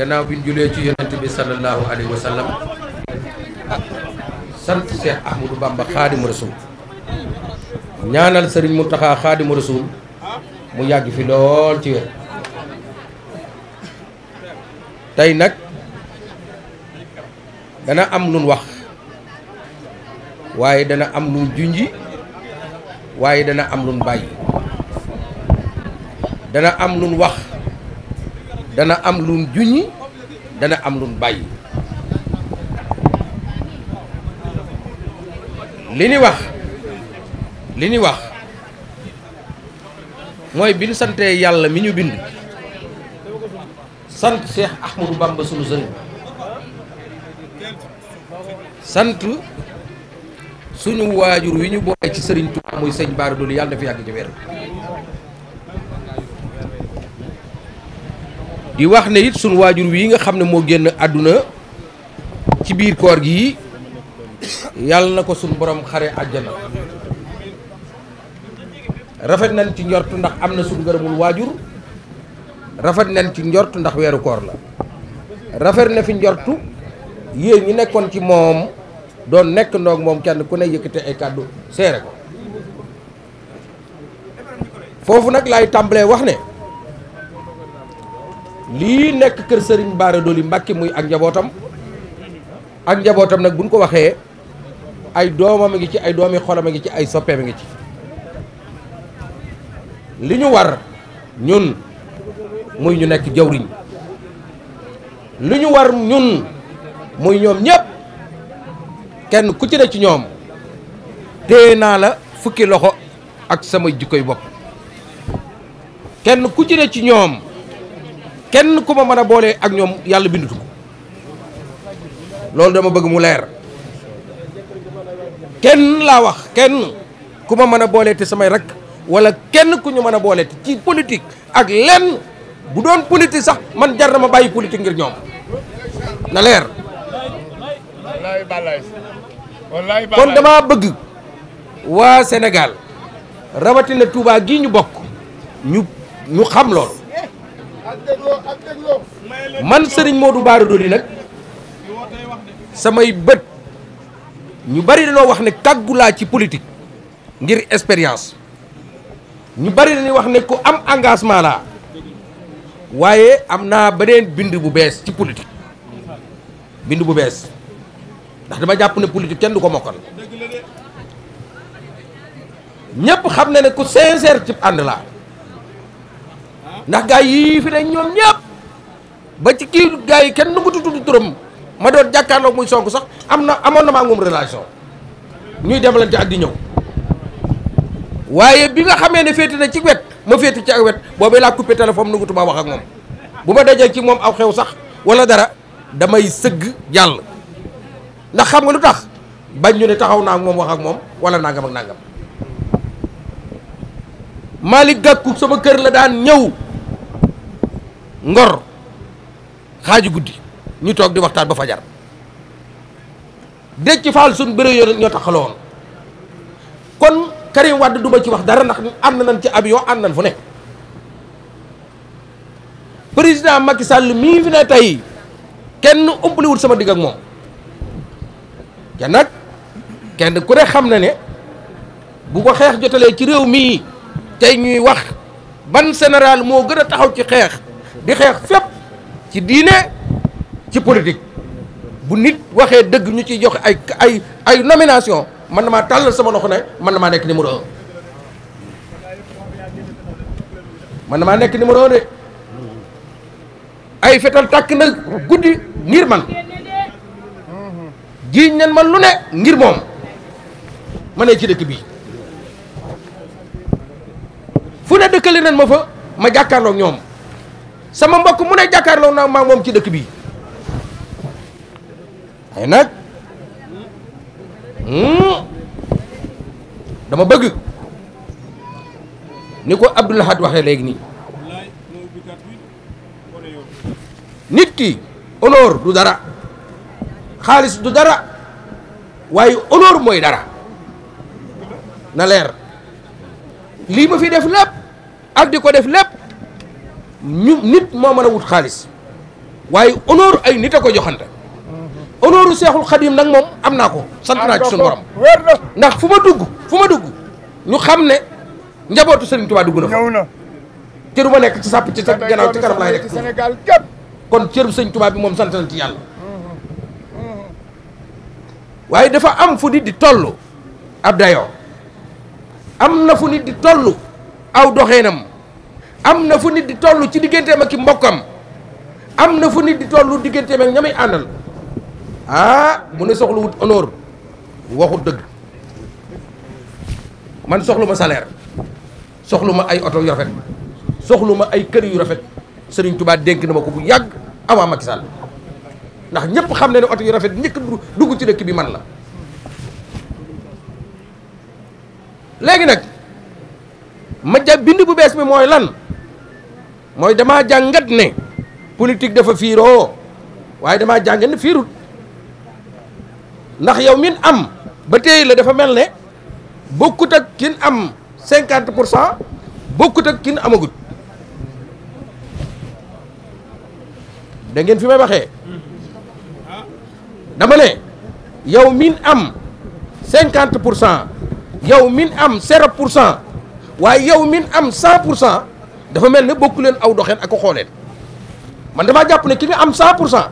gannaaw bi ñu julee ci yonent bi sallallahu alayhi wa sallam sant Cheikh Ahmadou Bamba xaadimu rasul ñaanal sëriñ Mountakha xaadimu rasul mu yàgg fi lool ci wér tey nag dana am luñ wax waaye dana am luñ junji waaye dana am luñ bàyyi dana am luñ wax dana am lum juñi dana am lu bàyyi li ni wax li ni wax mooy bi ñu santee yàlla mi ñu bind sant Cheikh Ahmadou Bamba sunu sëriñ sant suñu waajur wi ñu boole ci sëriñ Tuubaa amuy sëñ Baara Doli yàlla na fi yàgg ci weer di wax ne it sunu waajur wii nga xam ne moo génn àdduna ci biir koor gi yàlla na ko sunu borom xare àjjana rafet nañ ci njort ndax am na sunu ngërëmul waajur rafet nañ ci njort ndax weeru koor la rafet na fi njortu yéen ñi nekkoon ci moom doon nekk ndoog moom kenn ku ne yëkkate ay kàddu seere ko foofu nag lay tàmbalee wax ne lii nekk kër Serigne Bara Doli Mbacke muy ak njabootam ak njabootam nag buñ ko waxee ay doomam a ngi ci ay doomi xolam a ngi ci ay soppeem a ngi ci li ñu war ñun muy ñu nekk jawriñ li ñu war ñun muy ñoom ñëpp kenn ku ci ne ci ñoom téye naa la fukki loxo ak sama jikkoy bopp kenn ku ci ne ci ñoom kenn ku ma mën a boolee ak ñoom yàlla bindutu ko loolu dama bëgg mu leer kenn laa wax kenn ku ma mën a boolee te samay rak wala kenn ku ñu mën a boole te ci ak lenn bu doon politique sax man jar na ma bàyyi politique ngir ñoom na leer kon dama bëgg waa Sénégal rawatina Touba gii ñu bokk ñu ñu xam loolu man sëriñ du Bara Dolly nag samay bët ñu bari dañoo wax ne kàggu laa ci politik ngir expérience ñu bari dañuy wax ne ku am engagement laa waaye am naa beneen bind bu bees ci politique bind bu bees ndax dama jàpp ne politique kenn du ko mokkal ñëpp xam na ne ku sincère ci ànd laa ndax gaa yii fi ne ñoom ñëpp ba ci kii gaa yi kenn nu ko turam ma doon jàkkaarloog muy sonk sax am na amoon na maa moom relation ñuy demlante ak di ñëw waaye bi nga xamee ne féete na ci wet ma féetu ci ak wet boobee laa coupé téléphone nu ko tubaab wax ak moom bu ma dajee ci moom aw xew sax wala dara damay sëgg jàll ndax xam nga lu tax bañ ñu ne taxaw naa ak moom wax ak moom wala nangam ak nangam Malick Gakou sama kër la daan ñëw. ngor xaaji guddi ñu toog di waxtaan ba fajar Déthié Fall suñ bëre yoon ñoo taxaloo woon kon Karim Wade duma ci wax dara ndax na nañ ci avion am na fu ne président Macky sàll mii fi ne tey kenn umpaliwul sama digg moom te nag kenn ku ne xam na ne bu ko xeex jotalee ci réew mii tey ñuy wax ban sénéral moo gën a taxaw ci xeex di xeex fépp ci diine ci politique bu nit waxee dëgg ñu ciy joxe ay ay ay nomination man na maa tàllal sama loxo ne man na maa nekk numéro man na maa nekk numéro un ay fetal tàkk na guddi ngir man jiiñ nañ man lu ne ngir moom ma ne ci dëkk bii fu ne dëkkali nañ ma fa ma jàkkaarlook ñoom sama mbokk mu ne jàkkaarloo naa maa moom ci dëkk bi ay nag hmm? dama bëgg ni ko Abdoul Ahad waxee léegi nii nit ki honneur du dara xaalis du dara waaye honneur mooy dara na leer lii ma fi def lépp ak ko def lépp ñu nit moo mën a wut xaalis waaye honneur ay nit a ko joxante honoru seexul xadim nag moom am naa ko sant naa ci suñu borom ah, ndax fu ma dugg fu ma dugg ñu xam ne njabootu Serigne Touba dugg nekk ci sàpp ci sa ci kanam laay nekk kon cëru Serigne Touba moom sant na yàlla mm-hmm. Mm-hmm. waaye dafa am fu nit di toll ab dayoo am na fu nit di tollu aw doxeenam am na fu nit di toll ci digganteem ak i mbokkam am na fu nit di tollu digganteem ak ñamay àndal ah mu ne soxla wut honneur waxut dëgg man soxlu ma salaire soxlu ma ay oto yu rafet soxlu ma ay kër yu rafet Serigne Touba dénk na ma ko bu yàgg avant Macky Sall ndax ñëpp xam na ne oto yu rafet ñëkk dugg ci dëkk bi man la léegi nag ma ja bind bu bees mi mooy lan mooy damaa jàngat ne politique dafa fiiroo waaye damaa jàngat ne fiirut ndax yow min am ba tey la dafa mel ne bokkut ak kin am cinquante pour cent bokkut ak kin amagut da ngeen fi may waxee dama ne yow min am cinquante pour cent yow min am zéro pour cent waaye yow min am cent pour cent dafa mel ne bokku leen aw doxeen ak xooleen man damaa jàpp ne ki nga am 100 pour cent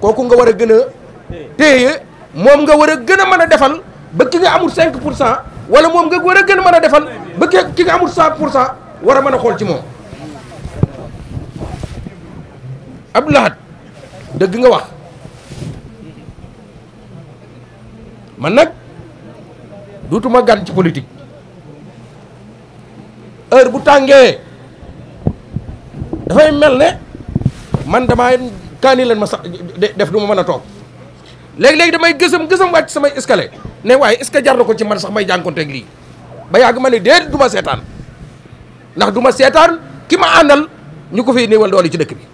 kooku nga war a gën a téye moom nga war a gën a mën a defal ba ki nga amul 5 pour cent wala moom war a gën mën a defal ba ki nga amul 100 pour cent war a mën a xool ci moom Abdou Lahad dëgg nga wax man nag duutuma gan ci politique heure bu tàngee dafay mel ne man damay kaani leen ma sax def du ma mën a toog léegi-léegi damay gësëm gësëm wàcc samay escalier ne waaye est-ce que jar na ko ci man sax may jànkonteeg lii ba yàgg ma ne déet du ma seetaan ndax du ma seetaan ki ma àndal ñu ko fiy néewal doole ci dëkk bi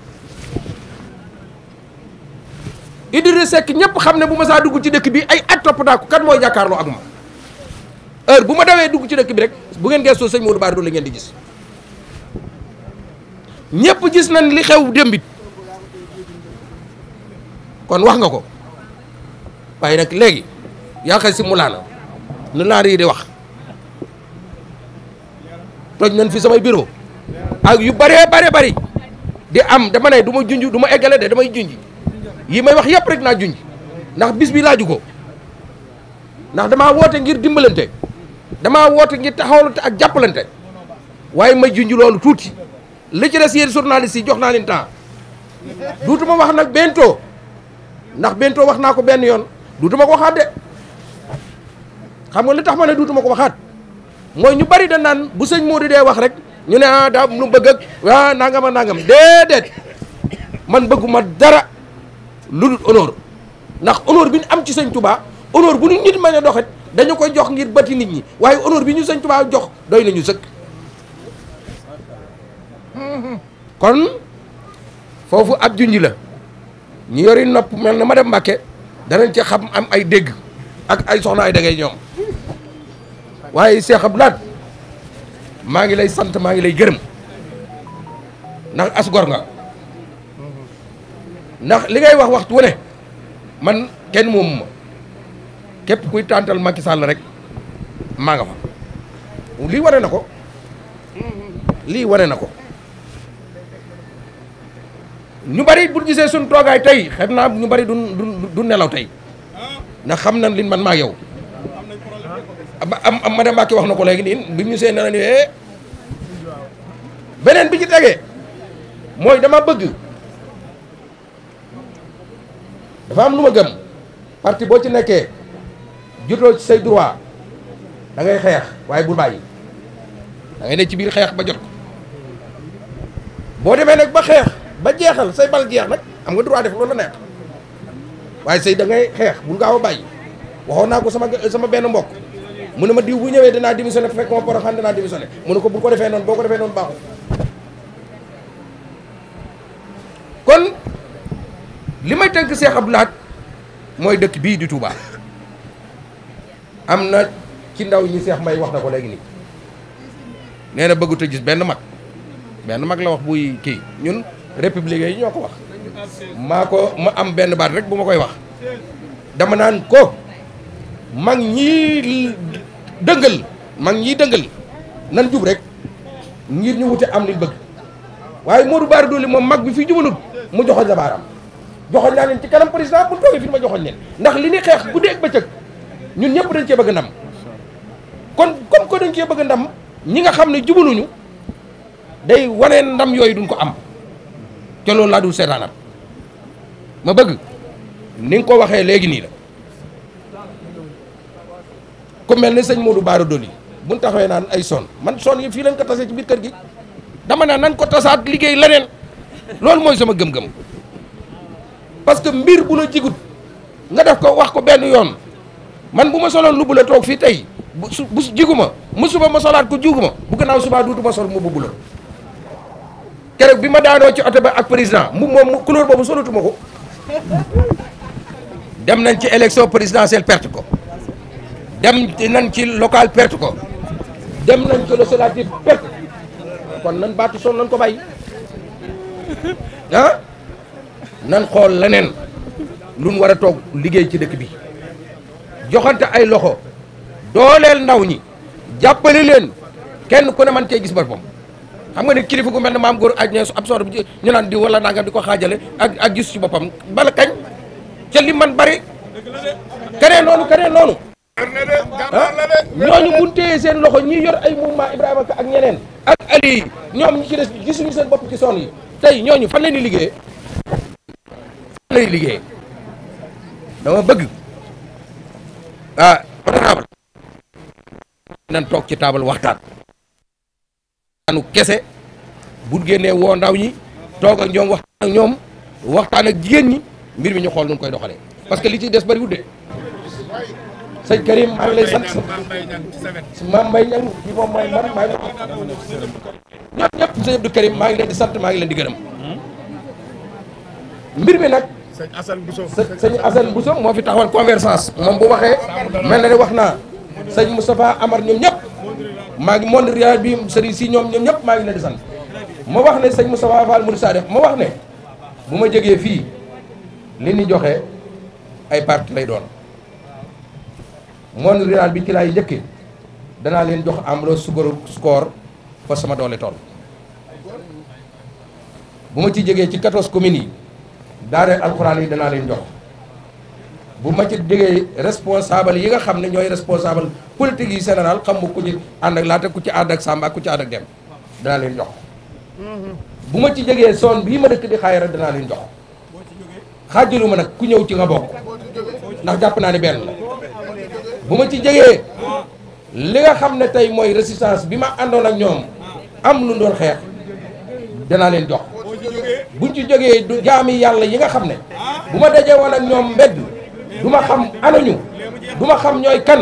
Idrissa Seck ñëpp xam ne bu ma saa dugg ci dëkk bi ay at topp naa ko kan mooy jàkkaarloo ak ma heure bu ma dawee dugg ci dëkk bi rek bu ngeen geestoo sëñ Modou Bara Dolly ngeen di gis ñépp gis nañ li xew démbit kon wax nga ko waaye nag léegi yaa xay si mulaana lu naar yi di wax toj nañ fi samay bureau ak yu bëree bare bëri di am dama ne du ma junj du ma eggale de damay junj yi may wax yépp rek naa junj ndax bis bi laaju ko ndax damaa woote ngir dimbalante dama woote ngir taxawalante ak jàppalante waaye may junj loolu tuuti li ci des yéen journalistes yi jox naa leen temps duutuma wax nag benn bentoo ndax bentoo wax naa ko benn yoon duutuma ko waxaat de xam nga li tax ma ne duutuma ko waxaat mooy ñu bari da naan bu sëñ moo di dee wax rek ñu ne ah daa lu bëgg ak ah nangam a nangam déedéet man bëgguma dara lu dul honneur ndax honneur bi ñu am ci sëñ Touba honneur bu nu nit ma a doxat dañu koy jox ngir bëti nit ñi waaye honneur bi ñu sëñ Touba jox doy nañu sëkk. kon foofu ab junj la ñu yori nopp mel na ma dem Mbàkke danañ ci xam am ay dégg ak ay soxna ay dagay ñoom waaye Cheikh Abdou Lahad maa ngi lay sant maa ngi lay gërëm ndax as gor nga ndax li ngay wax wax wane man kenn moomu ma képp kuy tàntal Macky Sall rek maa nga fa lii wane na ko lii wane na ko ñu bari bu gisee suñ toogaay tey xam naa ñu bari du du nelaw tey ah. ndax xam na liñ man maa yow am am madame Mbacke wax na ko léegi nii bi ñu see nee nañu eh. beneen bi ci tegee mooy dama bëgg dafa am lu ma gëm parti boo ci nekkee jotoo ci say droit dangay xeex waaye bul bàyyi da ngay ne ci biir xeex ba jot boo demee nag ba xeex. ba jeexal say bal jeex nag am nga droit def loolu la neex waaye say dangay xeex bu bul gaaw a bàyyi waxoon naa ko sama sama benn mbokk mun ne ma diw bu ñëwee danaa démissionné fekk ma poroxaan dinaa démissionné mu ne ko bu ko defee noonu boo ko defee noonu baaxul kon li may tënk Cheikh ab Lahad mooy dëkk bii di Touba am na ci ndaw ñi seex may wax na ko leegi nii nee na bëggut a gis benn mag benn mag la wax buy kii ñun république yi ñoo ko wax maa ko ma am benn baat rek bu ma koy wax dama naan ko mag ñii dëngal mag ñii dëngël nan jub rek ngir ñu wute am liñ bëgg waaye Modou Bara Dolly moom mag bi fii jubalut mu joxoñ la baaraam joxoñ naa leen ci kanam président bu toogee fi ma joxoñ leen ndax li ni xeex guddi ba bëccëg ñun ñëpp dañ cee bëgg ndam kon comme ko dañ cee bëgg ndam ñi nga xam ne jubaluñu day wanee ndam yooyu duñ ko am te loolu laa dul seetaanam ma bëgg ni nga ko waxee léegi nii la ko mel ni sëñ Modou Bara Dolly bu tax taxawee naan ay son man son yi fii lañ ko tasee ci biir kër gi dama ne nan ko tasaat liggéey leneen loolu mooy sama gëm-gëm parce que mbir bu la jigut nga def ko wax ko benn yoon man bu ma soloon lu bu la toog fii tey bu su bu jiguma musuma ma solaat ko jiguma bu gannaaw subaa duutuma sol mu bu la keroog bi ma daanoo ci oto ba ak président mu moom couleur boobu solatuma ko dem nañ ci élection présidentielle perte ko dem nañ ci local perte ko dem nañ ci législative perte kon nan baatu son nan ko bay nan xool leneen luñ war a toog liggéey ci dëkk bi joxante ay loxo dooleel ndaw ñi jàppale leen kenn ku ne man cee gis boppam xam nga ne kilifa gu mel ne maam góor aj ne su absorbe ñu naan di wala nangam di ko xaajale ak ak gis ci boppam bala kañ ca li man bari keneen noonu keneen noonu seen loxo ñi yor ay mouvement ak ñeneen ak Ali ñoom ci des gisuñu seen bopp ci son yi tey ñooñu fan la ñuy liggéeyee fan la ñuy dama bëgg ah honorable ci taabal waxtaan waxtaanu kese bu génnee woo ndaw ñi toog ak ñoom waxtaan ak ñoom waxtaan ak jigéen ñi mbir mi ñu xool nu mu koy doxalee parce que li ci des bari de sëñ Karim maa ngi lay sant si Mame Mbaye Niang bi moom mooy maa ngi leen di sant maa ngi leen di gërëm mbir mi nag sëñ Assane Bousso sëñ Assane Bousso moo fi taxawal convergence moom bu waxee mel na ne wax naa sëñ Moustapha Amar ñoom ñëpp maa ngi monde rural bi sëriñ si ñoom ñoom ñëpp maa ngi leen di sant ma wax ne sëñ Moussa Fall Mourou Sadef ma wax ne bu ma jógee fii li ñu joxe ay parti lay doon monde rural bi ci laay njëkkee danaa leen jox amlo sukaru score fa sama doole tool bu ma ci jegee ci 14 communes yi daara alxuraan yi danaa leen jox bu ma ci déggee responsable yi nga xam ne ñooy responsable politique yi général xam nga ku ci ànd ak laate ku ci ànd ak Samba ku ci ànd ak dem danaa leen jox bu ma ci jegee zone bii ma dëkk di rek danaa leen jox xaajalu ma nag ku ñëw ci nga bokk ndax jàpp naa ne benn la bu ma ci jógee li nga xam ne tey mooy résistance bi ma àndoon ak ñoom am lu doon xeex danaa leen jox buñ ci jógee du jaami yàlla yi nga xam ne bu ma dajee wal ak ñoom mbedd du ma xam anañu du ma xam ñooy kan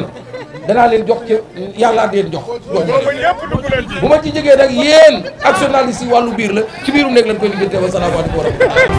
danaa leen jox ci yàlla leen jox bu ma ci jegee nag yéen ak journaliste wàllu biir la ci biirum nekk lañ koy diggante wa salaamaaleykum wa rahmatulah